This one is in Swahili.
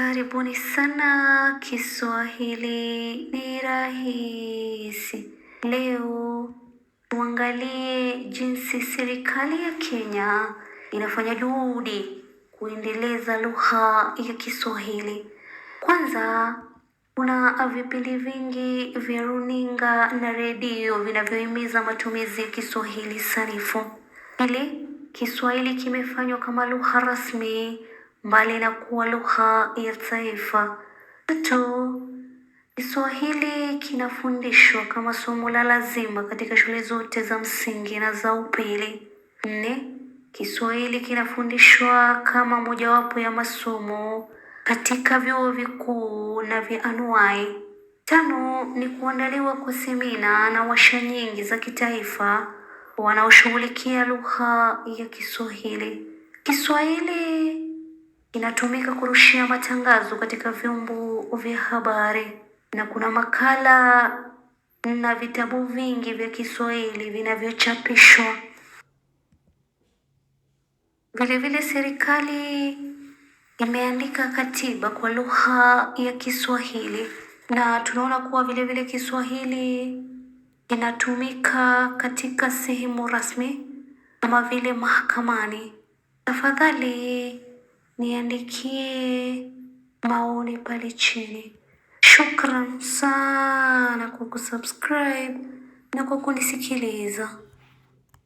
Karibuni sana Kiswahili ni rahisi. Leo tuangalie jinsi serikali ya Kenya inafanya juhudi kuendeleza lugha ya Kiswahili. Kwanza, kuna vipindi vingi vya runinga na redio vinavyohimiza matumizi ya Kiswahili sanifu. Pili, Kiswahili kimefanywa kama lugha rasmi mbali na kuwa lugha ya taifa. Tatu, Kiswahili kinafundishwa kama somo la lazima katika shule zote za msingi na za upili. Nne, Kiswahili kinafundishwa kama mojawapo ya masomo katika vyuo vikuu na vya anuwai. Tano, ni kuandaliwa kwa semina na washa nyingi za kitaifa wanaoshughulikia lugha ya Kiswahili. Kiswahili Inatumika kurushia matangazo katika vyombo vya habari na kuna makala na vitabu vingi vya Kiswahili vinavyochapishwa. Vilevile, serikali imeandika katiba kwa lugha ya Kiswahili na tunaona kuwa vilevile Kiswahili inatumika katika sehemu rasmi kama vile mahakamani. Tafadhali niandikie maoni pale chini. Shukran sana kwa kusubscribe na kwa kunisikiliza.